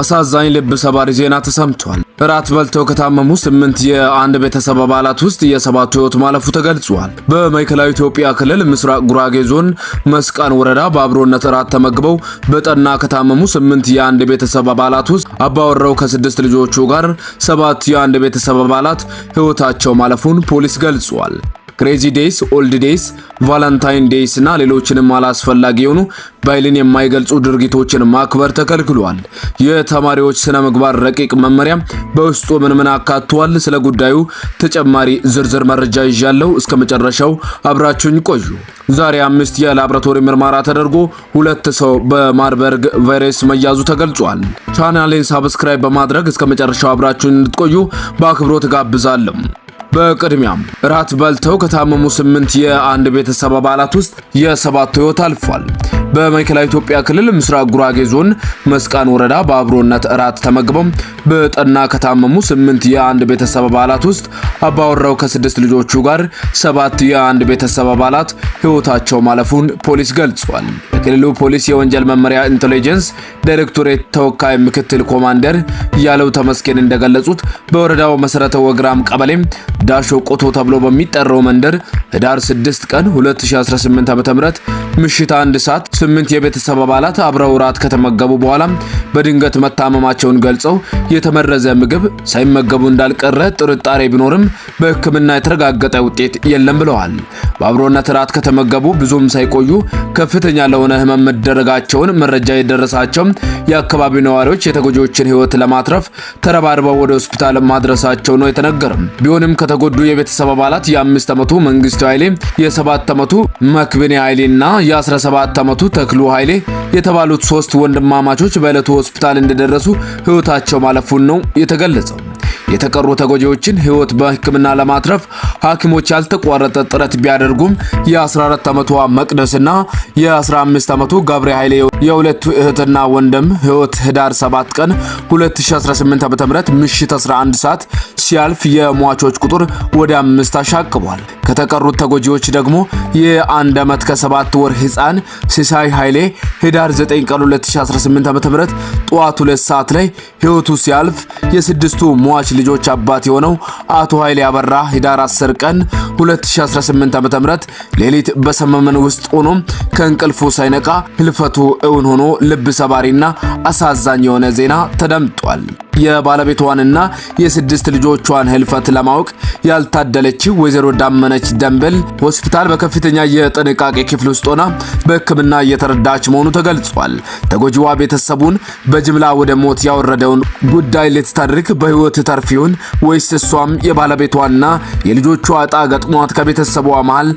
አሳዛኝ ልብ ሰባሪ ዜና ተሰምቷል። እራት በልተው ከታመሙ ስምንት የአንድ ቤተሰብ አባላት ውስጥ የሰባቱ ህይወት ማለፉ ተገልጿል። በማዕከላዊ ኢትዮጵያ ክልል ምስራቅ ጉራጌ ዞን መስቃን ወረዳ በአብሮነት እራት ተመግበው በጠና ከታመሙ ስምንት የአንድ ቤተሰብ አባላት ውስጥ አባወራው ከስድስት ልጆቹ ጋር ሰባት የአንድ ቤተሰብ አባላት ህይወታቸው ማለፉን ፖሊስ ገልጿል። ክሬዚ ዴይስ፣ ኦልድ ዴይስ፣ ቫላንታይን ዴይስ እና ሌሎችንም አላስፈላጊ የሆኑ ባህልን የማይገልጹ ድርጊቶችን ማክበር ተከልክሏል። የተማሪዎች ስነ ምግባር ረቂቅ መመሪያ በውስጡ ምን ምን አካቷል? ስለ ጉዳዩ ተጨማሪ ዝርዝር መረጃ ይዣለሁ። እስከ መጨረሻው አብራችሁኝ ቆዩ። ዛሬ አምስት የላብራቶሪ ምርመራ ተደርጎ ሁለት ሰው በማርበርግ ቫይረስ መያዙ ተገልጿል። ቻናሌን ሳብስክራይብ በማድረግ እስከ መጨረሻው አብራችሁን እንድትቆዩ በአክብሮት ጋብዛለሁ። በቅድሚያም እራት በልተው ከታመሙ ስምንት የአንድ ቤተሰብ አባላት ውስጥ የሰባቱ ህይወት አልፏል። በማዕከላዊ ኢትዮጵያ ክልል ምስራቅ ጉራጌ ዞን መስቃን ወረዳ በአብሮነት እራት ተመግበው በጠና ከታመሙ ስምንት የአንድ ቤተሰብ አባላት ውስጥ አባወራው ከስድስት ልጆቹ ጋር ሰባት የአንድ ቤተሰብ አባላት ህይወታቸው ማለፉን ፖሊስ ገልጿል። የክልሉ ፖሊስ የወንጀል መመሪያ ኢንቴሊጀንስ ዳይሬክቶሬት ተወካይ ምክትል ኮማንደር ያለው ተመስገን እንደገለጹት በወረዳው መሰረተ ወግራም ቀበሌ ዳሾ ቆቶ ተብሎ በሚጠራው መንደር ህዳር 6 ቀን 2018 ዓ.ም ምሽት አንድ ሰዓት ስምንት የቤተሰብ አባላት አብረው እራት ከተመገቡ በኋላ በድንገት መታመማቸውን ገልጸው የተመረዘ ምግብ ሳይመገቡ እንዳልቀረ ጥርጣሬ ቢኖርም በሕክምና የተረጋገጠ ውጤት የለም ብለዋል። በአብሮነት ራት ከተመገቡ ብዙም ሳይቆዩ ከፍተኛ ለሆነ ህመም መደረጋቸውን መረጃ የደረሳቸው የአካባቢው ነዋሪዎች የተጎጂዎችን ህይወት ለማትረፍ ተረባርበው ወደ ሆስፒታል ማድረሳቸው ነው የተነገረም ቢሆንም ከተጎዱ የቤተሰብ አባላት የአምስት ዓመቱ መንግስቱ ኃይሌ፣ የሰባት ዓመቱ መክብኔ እና የ17 ዓመቱ ተክሉ ኃይሌ የተባሉት ሶስት ወንድማማቾች በዕለቱ ሆስፒታል እንደደረሱ ህይወታቸው ማለፉን ነው የተገለጸው። የተቀሩ ተጎጂዎችን ህይወት በህክምና ለማትረፍ ሐኪሞች ያልተቋረጠ ጥረት ቢያደርጉም የ14 ዓመቷ መቅደስና የ15 ዓመቱ ገብሬ ኃይሌ የሁለቱ እህትና ወንድም ህይወት ህዳር 7 ቀን 2018 ዓ.ም ምሽት 11 ሰዓት ሲያልፍ የሟቾች ቁጥር ወደ አምስት አሻቅቧል። ከተቀሩት ተጎጂዎች ደግሞ የአንድ ዓመት ከሰባት ወር ህፃን ሲሳይ ኃይሌ ህዳር 9 ቀን 2018 ም ጠዋት 2 ሰዓት ላይ ህይወቱ ሲያልፍ የስድስቱ ሟች ልጆች አባት የሆነው አቶ ኃይሌ አበራ ህዳር 10 ቀን 2018 ዓ.ም ሌሊት በሰመመን ውስጥ ሆኖ ከእንቅልፉ ሳይነቃ ህልፈቱ እውን ሆኖ ልብ ሰባሪና አሳዛኝ የሆነ ዜና ተደምጧል። የባለቤቷንና የስድስት ልጆቿን ህልፈት ለማወቅ ያልታደለችው ወይዘሮ ዳመነች ደንበል ሆስፒታል በከፍተኛ የጥንቃቄ ክፍል ውስጥ ሆና በሕክምና እየተረዳች መሆኑ ተገልጿል። ተጎጂዋ ቤተሰቡን በጅምላ ወደ ሞት ያወረደውን ጉዳይ ልትተርክ በህይወት ተርፍ ወይስ እሷም የባለቤቷና የልጆቿ እጣ ገጥሟት ከቤተሰቧ መሃል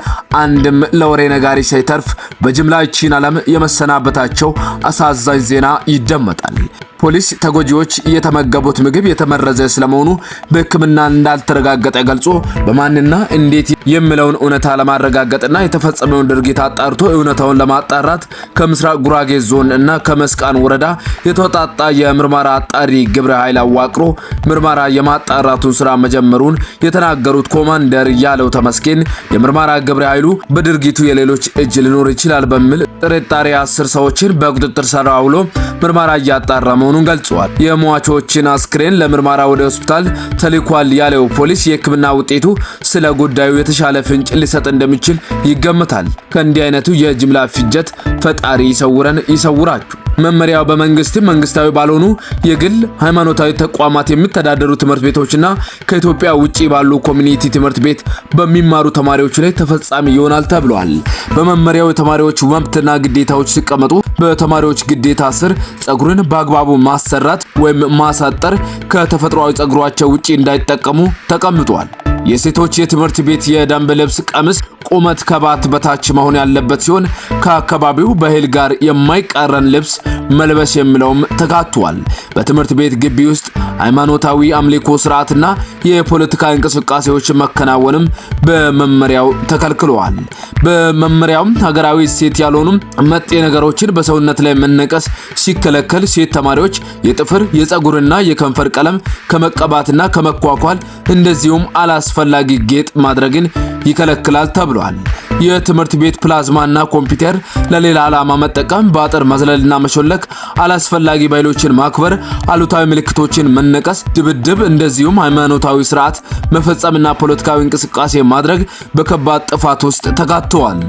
አንድም ለወሬ ነጋሪ ሳይተርፍ በጅምላ ይቺን ዓለም የመሰናበታቸው አሳዛኝ ዜና ይደመጣል። ፖሊስ ተጎጂዎች የተመገቡት ምግብ የተመረዘ ስለመሆኑ በሕክምና እንዳልተረጋገጠ ገልጾ በማንና እንዴት የሚለውን እውነታ ለማረጋገጥና የተፈጸመውን ድርጊት አጣርቶ እውነታውን ለማጣራት ከምስራቅ ጉራጌ ዞን እና ከመስቃን ወረዳ የተወጣጣ የምርመራ አጣሪ ግብረ ኃይል አዋቅሮ ምርመራ የማጣራቱን ስራ መጀመሩን የተናገሩት ኮማንደር ያለው ተመስገን የምርመራ ግብረ ኃይሉ በድርጊቱ የሌሎች እጅ ሊኖር ይችላል በሚል ጥርጣሬ አስር ሰዎችን በቁጥጥር ስር አውሎ ምርመራ እያጣራ መሆኑ መሆኑን ገልጿል። የሟቾችን አስክሬን ለምርመራ ወደ ሆስፒታል ተልኳል ያለው ፖሊስ የሕክምና ውጤቱ ስለ ጉዳዩ የተሻለ ፍንጭ ሊሰጥ እንደሚችል ይገመታል። ከእንዲህ አይነቱ የጅምላ ፍጀት ፈጣሪ ይሰውረን ይሰውራችሁ። መመሪያው በመንግስትም መንግስታዊ ባልሆኑ የግል ሃይማኖታዊ ተቋማት የሚተዳደሩ ትምህርት ቤቶችና ከኢትዮጵያ ውጭ ባሉ ኮሚኒቲ ትምህርት ቤት በሚማሩ ተማሪዎች ላይ ተፈጻሚ ይሆናል ተብሏል። በመመሪያው የተማሪዎች መብትና ግዴታዎች ሲቀመጡ በተማሪዎች ግዴታ ስር ጸጉርን በአግባቡ ማሰራት ወይም ማሳጠር ከተፈጥሯዊ ጸጉሯቸው ውጪ እንዳይጠቀሙ ተቀምጧል። የሴቶች የትምህርት ቤት የደንብ ልብስ ቀሚስ ቁመት ከባት በታች መሆን ያለበት ሲሆን ከአካባቢው ባህል ጋር የማይቃረን ልብስ መልበስ የሚለውም ተካቷል። በትምህርት ቤት ግቢ ውስጥ ሃይማኖታዊ አምልኮ ስርዓትና የፖለቲካ እንቅስቃሴዎች መከናወንም በመመሪያው ተከልክለዋል። በመመሪያውም ሀገራዊ እሴት ያልሆኑ መጤ ነገሮችን በሰውነት ላይ መነቀስ ሲከለከል ሴት ተማሪዎች የጥፍር የፀጉርና የከንፈር ቀለም ከመቀባትና ከመኳኳል እንደዚሁም አላስፈላጊ ጌጥ ማድረግን ይከለክላል ተብሏል። የትምህርት ቤት ፕላዝማና ኮምፒውተር ለሌላ ዓላማ መጠቀም፣ በአጥር መዝለልና መሾለክ፣ አላስፈላጊ ባይሎችን ማክበር፣ አሉታዊ ምልክቶችን መነቀስ፣ ድብድብ፣ እንደዚሁም ሃይማኖታዊ ስርዓት መፈጸምና ፖለቲካዊ እንቅስቃሴ ማድረግ በከባድ ጥፋት ውስጥ ተካተዋል።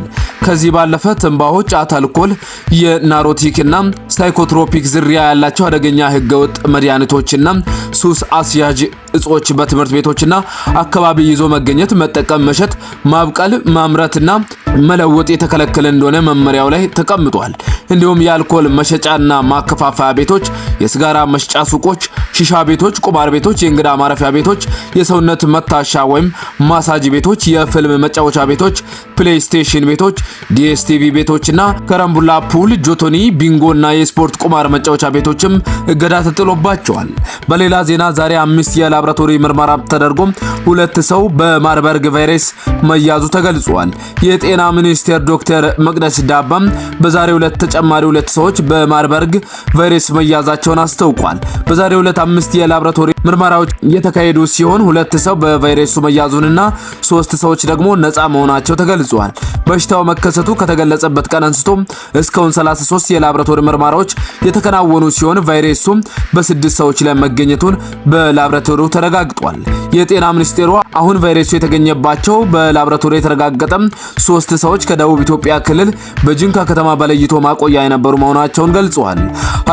ከዚህ ባለፈ ትንባሆች፣ ጫት፣ አልኮል፣ የናሮቲክና ሳይኮትሮፒክ ዝርያ ያላቸው አደገኛ ህገወጥ መድኃኒቶችና ሱስ አስያዥ እጾች በትምህርት ቤቶችና አካባቢ ይዞ መገኘት፣ መጠቀም፣ መሸጥ፣ ማብቀል፣ ማምረትና መለወጥ የተከለከለ እንደሆነ መመሪያው ላይ ተቀምጧል። እንዲሁም የአልኮል መሸጫና ማከፋፈያ ቤቶች፣ የስጋራ መሸጫ ሱቆች፣ ሽሻ ቤቶች፣ ቁማር ቤቶች፣ የእንግዳ ማረፊያ ቤቶች፣ የሰውነት መታሻ ወይም ማሳጅ ቤቶች፣ የፊልም መጫወቻ ቤቶች፣ ፕሌይ ስቴሽን ቤቶች፣ ዲኤስቲቪ ቤቶችና ከረምቡላ፣ ፑል፣ ጆቶኒ፣ ቢንጎ እና የስፖርት ቁማር መጫወቻ ቤቶችም እገዳ ተጥሎባቸዋል። በሌላ ዜና ዛሬ አምስት የላብራቶሪ ምርመራ ተደርጎም ሁለት ሰው በማርበርግ ቫይረስ መያዙ ተገልጿል። የጤና ሚኒስቴር ዶክተር መቅደስ ዳባም በዛሬው ዕለት ተጨማሪ ሁለት ሰዎች በማርበርግ ቫይረስ መያዛቸውን አስታውቋል። በዛሬው ዕለት አምስት የላብራቶሪ ምርመራዎች እየተካሄዱ ሲሆን ሁለት ሰው በቫይረሱ መያዙንና ሶስት ሰዎች ደግሞ ነጻ መሆናቸው ተገልጿል። በሽታው መከሰቱ ከተገለጸበት ቀን አንስቶ እስካሁን 33 የላብራቶሪ ምርመራዎች የተከናወኑ ሲሆን ቫይረሱ በስድስት ሰዎች ላይ መገኘቱን በላብራቶሪው ተረጋግጧል። የጤና ሚኒስቴሩ አሁን ቫይረሱ የተገኘባቸው በላብራቶሪ የተረጋገጠም ሶስት ሰዎች ከደቡብ ኢትዮጵያ ክልል በጅንካ ከተማ በለይቶ ማቆያ የነበሩ መሆናቸውን ገልጸዋል።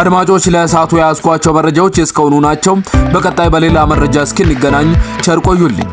አድማጮች ለሰዓቱ የያዝኳቸው መረጃዎች እስካሁኑ ናቸው። በቀጣይ በቀጣይ በሌላ መረጃ እስክንገናኝ ቸር ቆዩልኝ።